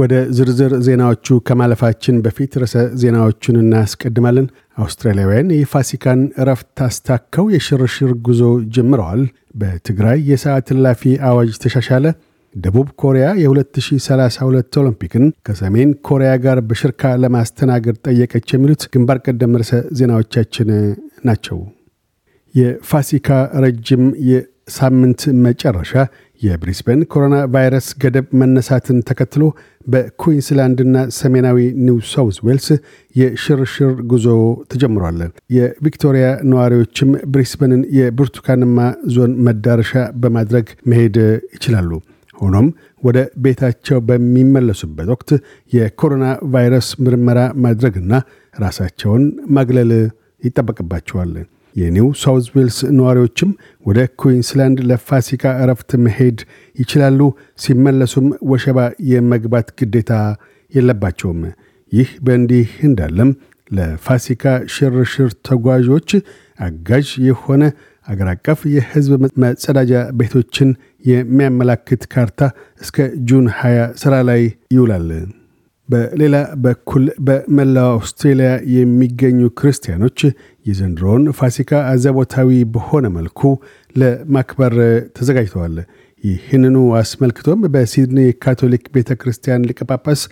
ወደ ዝርዝር ዜናዎቹ ከማለፋችን በፊት ርዕሰ ዜናዎቹን እናስቀድማለን። አውስትራሊያውያን የፋሲካን እረፍት ታስታከው የሽርሽር ጉዞ ጀምረዋል። በትግራይ የሰዓት ላፊ አዋጅ ተሻሻለ። ደቡብ ኮሪያ የ2032 ኦሎምፒክን ከሰሜን ኮሪያ ጋር በሽርካ ለማስተናገድ ጠየቀች። የሚሉት ግንባር ቀደም ርዕሰ ዜናዎቻችን ናቸው። የፋሲካ ረጅም የሳምንት መጨረሻ የብሪስበን ኮሮና ቫይረስ ገደብ መነሳትን ተከትሎ በኩዊንስላንድና ሰሜናዊ ኒው ሳውዝ ዌልስ የሽርሽር ጉዞ ተጀምሯል። የቪክቶሪያ ነዋሪዎችም ብሪስበንን የብርቱካንማ ዞን መዳረሻ በማድረግ መሄድ ይችላሉ። ሆኖም ወደ ቤታቸው በሚመለሱበት ወቅት የኮሮና ቫይረስ ምርመራ ማድረግና ራሳቸውን ማግለል ይጠበቅባቸዋል። የኒው ሳውዝ ዌልስ ነዋሪዎችም ወደ ኩዊንስላንድ ለፋሲካ እረፍት መሄድ ይችላሉ። ሲመለሱም ወሸባ የመግባት ግዴታ የለባቸውም። ይህ በእንዲህ እንዳለም ለፋሲካ ሽርሽር ተጓዦች አጋዥ የሆነ አገር አቀፍ የህዝብ መጸዳጃ ቤቶችን የሚያመላክት ካርታ እስከ ጁን 20 ሥራ ላይ ይውላል። በሌላ በኩል በመላው አውስትሬልያ የሚገኙ ክርስቲያኖች የዘንድሮውን ፋሲካ አዘቦታዊ በሆነ መልኩ ለማክበር ተዘጋጅተዋል። ይህንኑ አስመልክቶም በሲድኒ ካቶሊክ ቤተ ክርስቲያን ሊቀ ጳጳስ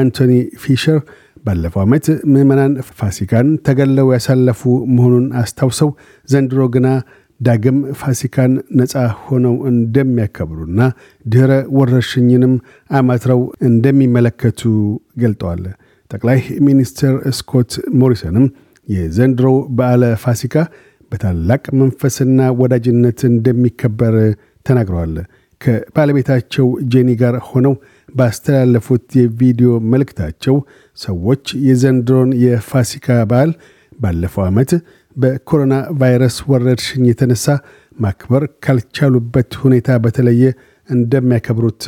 አንቶኒ ፊሸር ባለፈው ዓመት ምዕመናን ፋሲካን ተገለው ያሳለፉ መሆኑን አስታውሰው ዘንድሮ ግና ዳግም ፋሲካን ነፃ ሆነው እንደሚያከብሩና ድኅረ ወረርሽኝንም አማትረው እንደሚመለከቱ ገልጠዋል። ጠቅላይ ሚኒስትር ስኮት ሞሪሰንም የዘንድሮ በዓለ ፋሲካ በታላቅ መንፈስና ወዳጅነት እንደሚከበር ተናግረዋል። ከባለቤታቸው ጄኒ ጋር ሆነው ባስተላለፉት የቪዲዮ መልእክታቸው ሰዎች የዘንድሮን የፋሲካ በዓል ባለፈው ዓመት በኮሮና ቫይረስ ወረርሽኝ የተነሳ ማክበር ካልቻሉበት ሁኔታ በተለየ እንደሚያከብሩት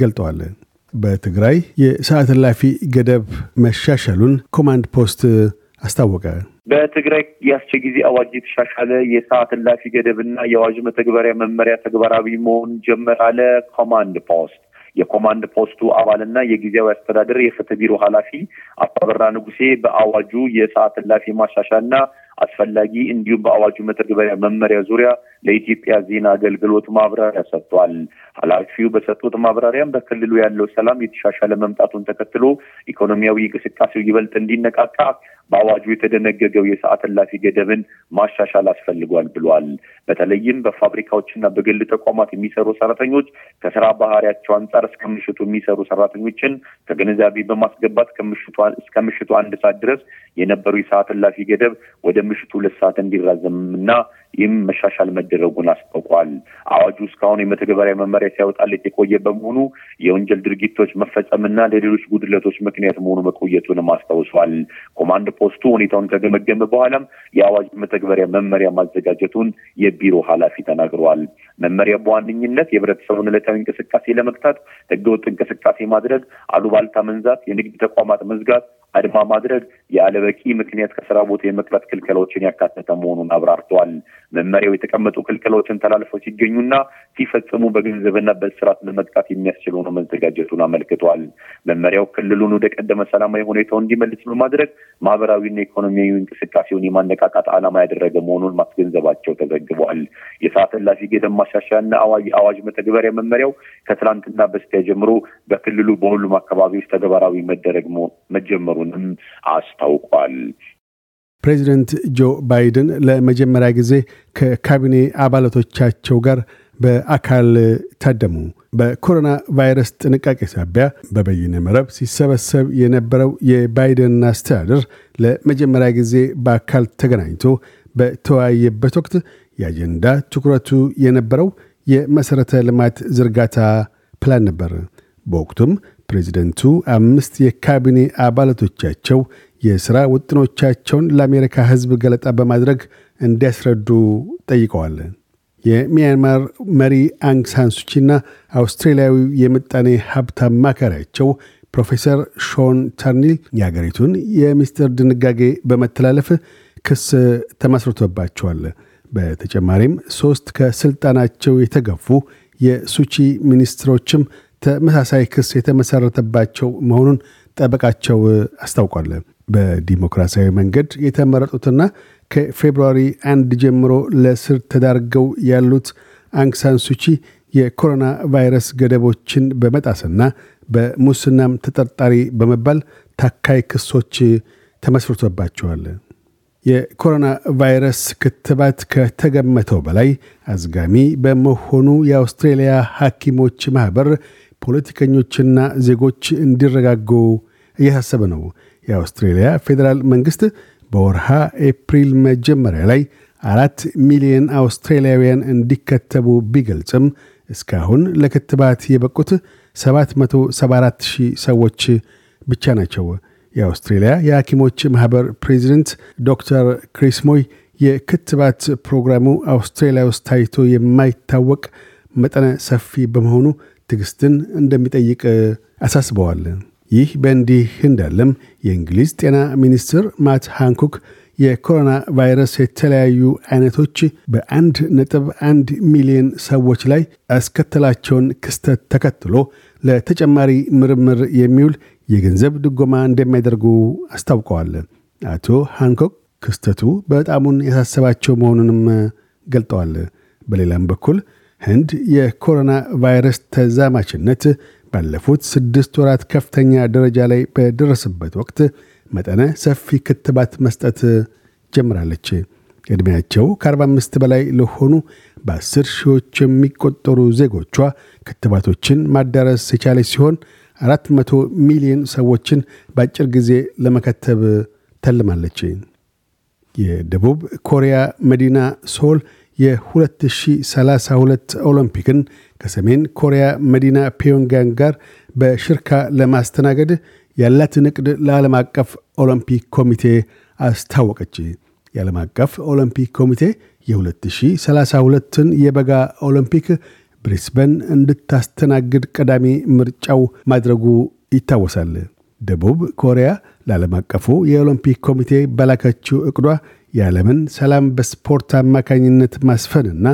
ገልጠዋል። በትግራይ የሰዓት ላፊ ገደብ መሻሻሉን ኮማንድ ፖስት አስታወቀ። በትግራይ የአስቸ ጊዜ አዋጅ የተሻሻለ የሰዓት ገደብ ገደብና የአዋጅ መተግበሪያ መመሪያ ተግባራዊ መሆን ጀመራለ ኮማንድ ፖስት። የኮማንድ ፖስቱ አባልና የጊዜያዊ አስተዳደር የፍትህ ቢሮ ኃላፊ አባበራ ንጉሴ በአዋጁ የሰዓት ማሻሻል ና አስፈላጊ እንዲሁም በአዋጁ መተግበሪያ መመሪያ ዙሪያ ለኢትዮጵያ ዜና አገልግሎት ማብራሪያ ሰጥቷል። ኃላፊው በሰጡት ማብራሪያም በክልሉ ያለው ሰላም የተሻሻለ መምጣቱን ተከትሎ ኢኮኖሚያዊ እንቅስቃሴው ይበልጥ እንዲነቃቃ በአዋጁ የተደነገገው የሰዓት እላፊ ገደብን ማሻሻል አስፈልጓል ብሏል። በተለይም በፋብሪካዎችና በግል ተቋማት የሚሰሩ ሰራተኞች ከስራ ባህሪያቸው አንጻር እስከ ምሽቱ የሚሰሩ ሰራተኞችን ከግንዛቤ በማስገባት እስከ ምሽቱ አንድ ሰዓት ድረስ የነበሩ የሰዓት እላፊ ገደብ ወደ ምሽቱ ሁለት ሰዓት እንዲራዘምና ይህም መሻሻል መደረጉን አስታውቋል። አዋጁ እስካሁን የመተግበሪያ መመሪያ ሲያወጣለት የቆየ በመሆኑ የወንጀል ድርጊቶች መፈጸምና ለሌሎች ጉድለቶች ምክንያት መሆኑ መቆየቱንም አስታውሷል። ኮማንድ ፖስቱ ሁኔታውን ከገመገመ በኋላም የአዋጅ መተግበሪያ መመሪያ ማዘጋጀቱን የቢሮ ኃላፊ ተናግረዋል። መመሪያ በዋነኝነት የህብረተሰቡን ዕለታዊ እንቅስቃሴ ለመግታት ህገወጥ እንቅስቃሴ ማድረግ፣ አሉባልታ መንዛት፣ የንግድ ተቋማት መዝጋት አድማ ማድረግ ያለበቂ ምክንያት ከስራ ቦታ የመቅረት ክልከላዎችን ያካተተ መሆኑን አብራርተዋል። መመሪያው የተቀመጡ ክልከላዎችን ተላልፈው ሲገኙና ሲፈጽሙ በገንዘብና በስርዓት ለመቅጣት የሚያስችል ሆኖ መዘጋጀቱን አመልክተዋል። መመሪያው ክልሉን ወደ ቀደመ ሰላማዊ ሁኔታው እንዲመልስ በማድረግ ማህበራዊና ኢኮኖሚያዊ እንቅስቃሴውን የማነቃቃት ዓላማ ያደረገ መሆኑን ማስገንዘባቸው ተዘግቧል። የሰዓት እላፊ ገደብ ማሻሻያና አዋጅ መተግበሪያ መመሪያው ከትላንትና በስቲያ ጀምሮ በክልሉ በሁሉም አካባቢዎች ተግባራዊ መደረግ መጀመሩንም አስታውቋል። ፕሬዚደንት ጆ ባይደን ለመጀመሪያ ጊዜ ከካቢኔ አባላቶቻቸው ጋር በአካል ታደሙ። በኮሮና ቫይረስ ጥንቃቄ ሳቢያ በበይነ መረብ ሲሰበሰብ የነበረው የባይደን አስተዳደር ለመጀመሪያ ጊዜ በአካል ተገናኝቶ በተወያየበት ወቅት የአጀንዳ ትኩረቱ የነበረው የመሠረተ ልማት ዝርጋታ ፕላን ነበር። በወቅቱም ፕሬዚደንቱ አምስት የካቢኔ አባላቶቻቸው የሥራ ውጥኖቻቸውን ለአሜሪካ ሕዝብ ገለጣ በማድረግ እንዲያስረዱ ጠይቀዋል። የሚያንማር መሪ አንግ ሳንሱቺና አውስትራሊያዊ የምጣኔ ሀብት አማካሪያቸው ፕሮፌሰር ሾን ተርኒል የአገሪቱን የሚስጥር ድንጋጌ በመተላለፍ ክስ ተመስርቶባቸዋል። በተጨማሪም ሦስት ከሥልጣናቸው የተገፉ የሱቺ ሚኒስትሮችም ተመሳሳይ ክስ የተመሠረተባቸው መሆኑን ጠበቃቸው አስታውቋል። በዲሞክራሲያዊ መንገድ የተመረጡትና ከፌብርዋሪ አንድ ጀምሮ ለስር ተዳርገው ያሉት አንክሳንሱቺ የኮሮና ቫይረስ ገደቦችን በመጣስና በሙስናም ተጠርጣሪ በመባል ታካይ ክሶች ተመስርቶባቸዋል። የኮሮና ቫይረስ ክትባት ከተገመተው በላይ አዝጋሚ በመሆኑ የአውስትሬልያ ሐኪሞች ማኅበር ፖለቲከኞችና ዜጎች እንዲረጋጉ እያሳሰበ ነው። የአውስትሬልያ ፌዴራል መንግሥት በወርሃ ኤፕሪል መጀመሪያ ላይ አራት ሚሊዮን አውስትራሊያውያን እንዲከተቡ ቢገልጽም እስካሁን ለክትባት የበቁት 774 ሺህ ሰዎች ብቻ ናቸው። የአውስትሬልያ የሐኪሞች ማኅበር ፕሬዚደንት ዶክተር ክሪስ ሞይ የክትባት ፕሮግራሙ አውስትሬልያ ውስጥ ታይቶ የማይታወቅ መጠነ ሰፊ በመሆኑ ትግስትን እንደሚጠይቅ አሳስበዋል። ይህ በእንዲህ እንዳለም የእንግሊዝ ጤና ሚኒስትር ማት ሃንኩክ የኮሮና ቫይረስ የተለያዩ አይነቶች በአንድ ነጥብ አንድ ሚሊዮን ሰዎች ላይ ያስከተላቸውን ክስተት ተከትሎ ለተጨማሪ ምርምር የሚውል የገንዘብ ድጎማ እንደሚያደርጉ አስታውቀዋል። አቶ ሃንኮክ ክስተቱ በጣሙን ያሳሰባቸው መሆኑንም ገልጠዋል። በሌላም በኩል ህንድ የኮሮና ቫይረስ ተዛማችነት ባለፉት ስድስት ወራት ከፍተኛ ደረጃ ላይ በደረሰበት ወቅት መጠነ ሰፊ ክትባት መስጠት ጀምራለች። ዕድሜያቸው ከ45 በላይ ለሆኑ በአስር ሺዎች የሚቆጠሩ ዜጎቿ ክትባቶችን ማዳረስ የቻለች ሲሆን 400 ሚሊዮን ሰዎችን በአጭር ጊዜ ለመከተብ ተልማለች። የደቡብ ኮሪያ መዲና ሶል የ2032 ኦሎምፒክን ከሰሜን ኮሪያ መዲና ፒዮንጋንግ ጋር በሽርካ ለማስተናገድ ያላትን እቅድ ለዓለም አቀፍ ኦሎምፒክ ኮሚቴ አስታወቀች። የዓለም አቀፍ ኦሎምፒክ ኮሚቴ የ2032ን የበጋ ኦሎምፒክ ብሪስበን እንድታስተናግድ ቀዳሚ ምርጫው ማድረጉ ይታወሳል። ደቡብ ኮሪያ ለዓለም አቀፉ የኦሎምፒክ ኮሚቴ በላከችው እቅዷ የዓለምን ሰላም በስፖርት አማካኝነት ማስፈንና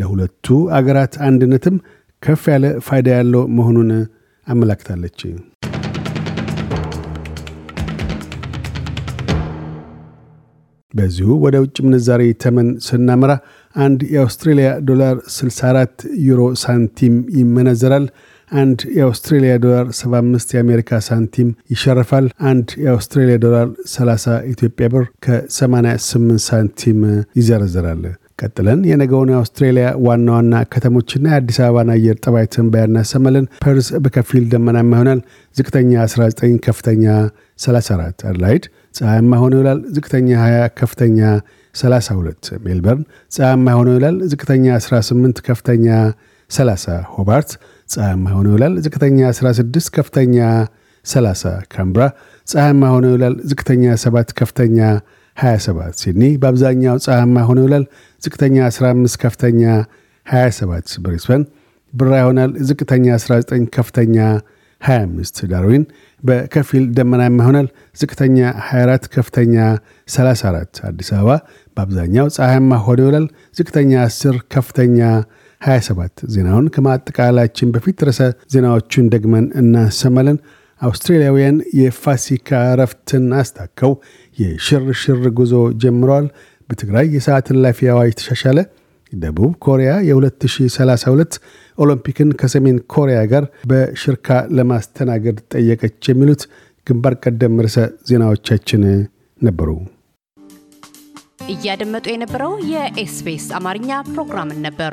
ለሁለቱ አገራት አንድነትም ከፍ ያለ ፋይዳ ያለው መሆኑን አመላክታለች። በዚሁ ወደ ውጭ ምንዛሪ ተመን ስናመራ አንድ የአውስትሬልያ ዶላር 64 ዩሮ ሳንቲም ይመነዘራል። አንድ የአውስትሬሊያ ዶላር 75 የአሜሪካ ሳንቲም ይሸርፋል። አንድ የአውስትሬሊያ ዶላር 30 ኢትዮጵያ ብር ከ88 ሳንቲም ይዘረዝራል። ቀጥለን የነገውን የአውስትሬሊያ ዋና ዋና ከተሞችና የአዲስ አበባን አየር ጠባይ ትንበያ እናሰማለን። ፐርስ በከፊል ደመናማ ይሆናል። ዝቅተኛ 19፣ ከፍተኛ 34። አድላይድ ፀሐያማ ሆኖ ይውላል። ዝቅተኛ 20፣ ከፍተኛ 32። ሜልበርን ፀሐያማ ሆኖ ይውላል። ዝቅተኛ 18፣ ከፍተኛ 30። ሆባርት ፀሐያማ ሆኖ ይውላል። ዝቅተኛ 16፣ ከፍተኛ 30። ካምብራ ፀሐያማ ሆኖ ይውላል። ዝቅተኛ 7፣ ከፍተኛ 27። ሲድኒ በአብዛኛው ፀሐያማ ሆኖ ይውላል። ዝቅተኛ 15፣ ከፍተኛ 27። ብሪስበን ብራ ይሆናል። ዝቅተኛ 19፣ ከፍተኛ 25። ዳርዊን በከፊል ደመናማ ይሆናል። ዝቅተኛ 24 ከፍተኛ 34። አዲስ አበባ በአብዛኛው ፀሐያማ ሆኖ ይውላል። ዝቅተኛ 10 ከፍተኛ 27 ዜናውን ከማጠቃላችን በፊት ርዕሰ ዜናዎቹን ደግመን እናሰማለን። አውስትራሊያውያን የፋሲካ እረፍትን አስታከው የሽርሽር ጉዞ ጀምረዋል። በትግራይ የሰዓት ላፊ አዋጅ ተሻሻለ። ደቡብ ኮሪያ የ2032 ኦሎምፒክን ከሰሜን ኮሪያ ጋር በሽርካ ለማስተናገድ ጠየቀች። የሚሉት ግንባር ቀደም ርዕሰ ዜናዎቻችን ነበሩ። እያደመጡ የነበረው የኤስፔስ አማርኛ ፕሮግራምን ነበር።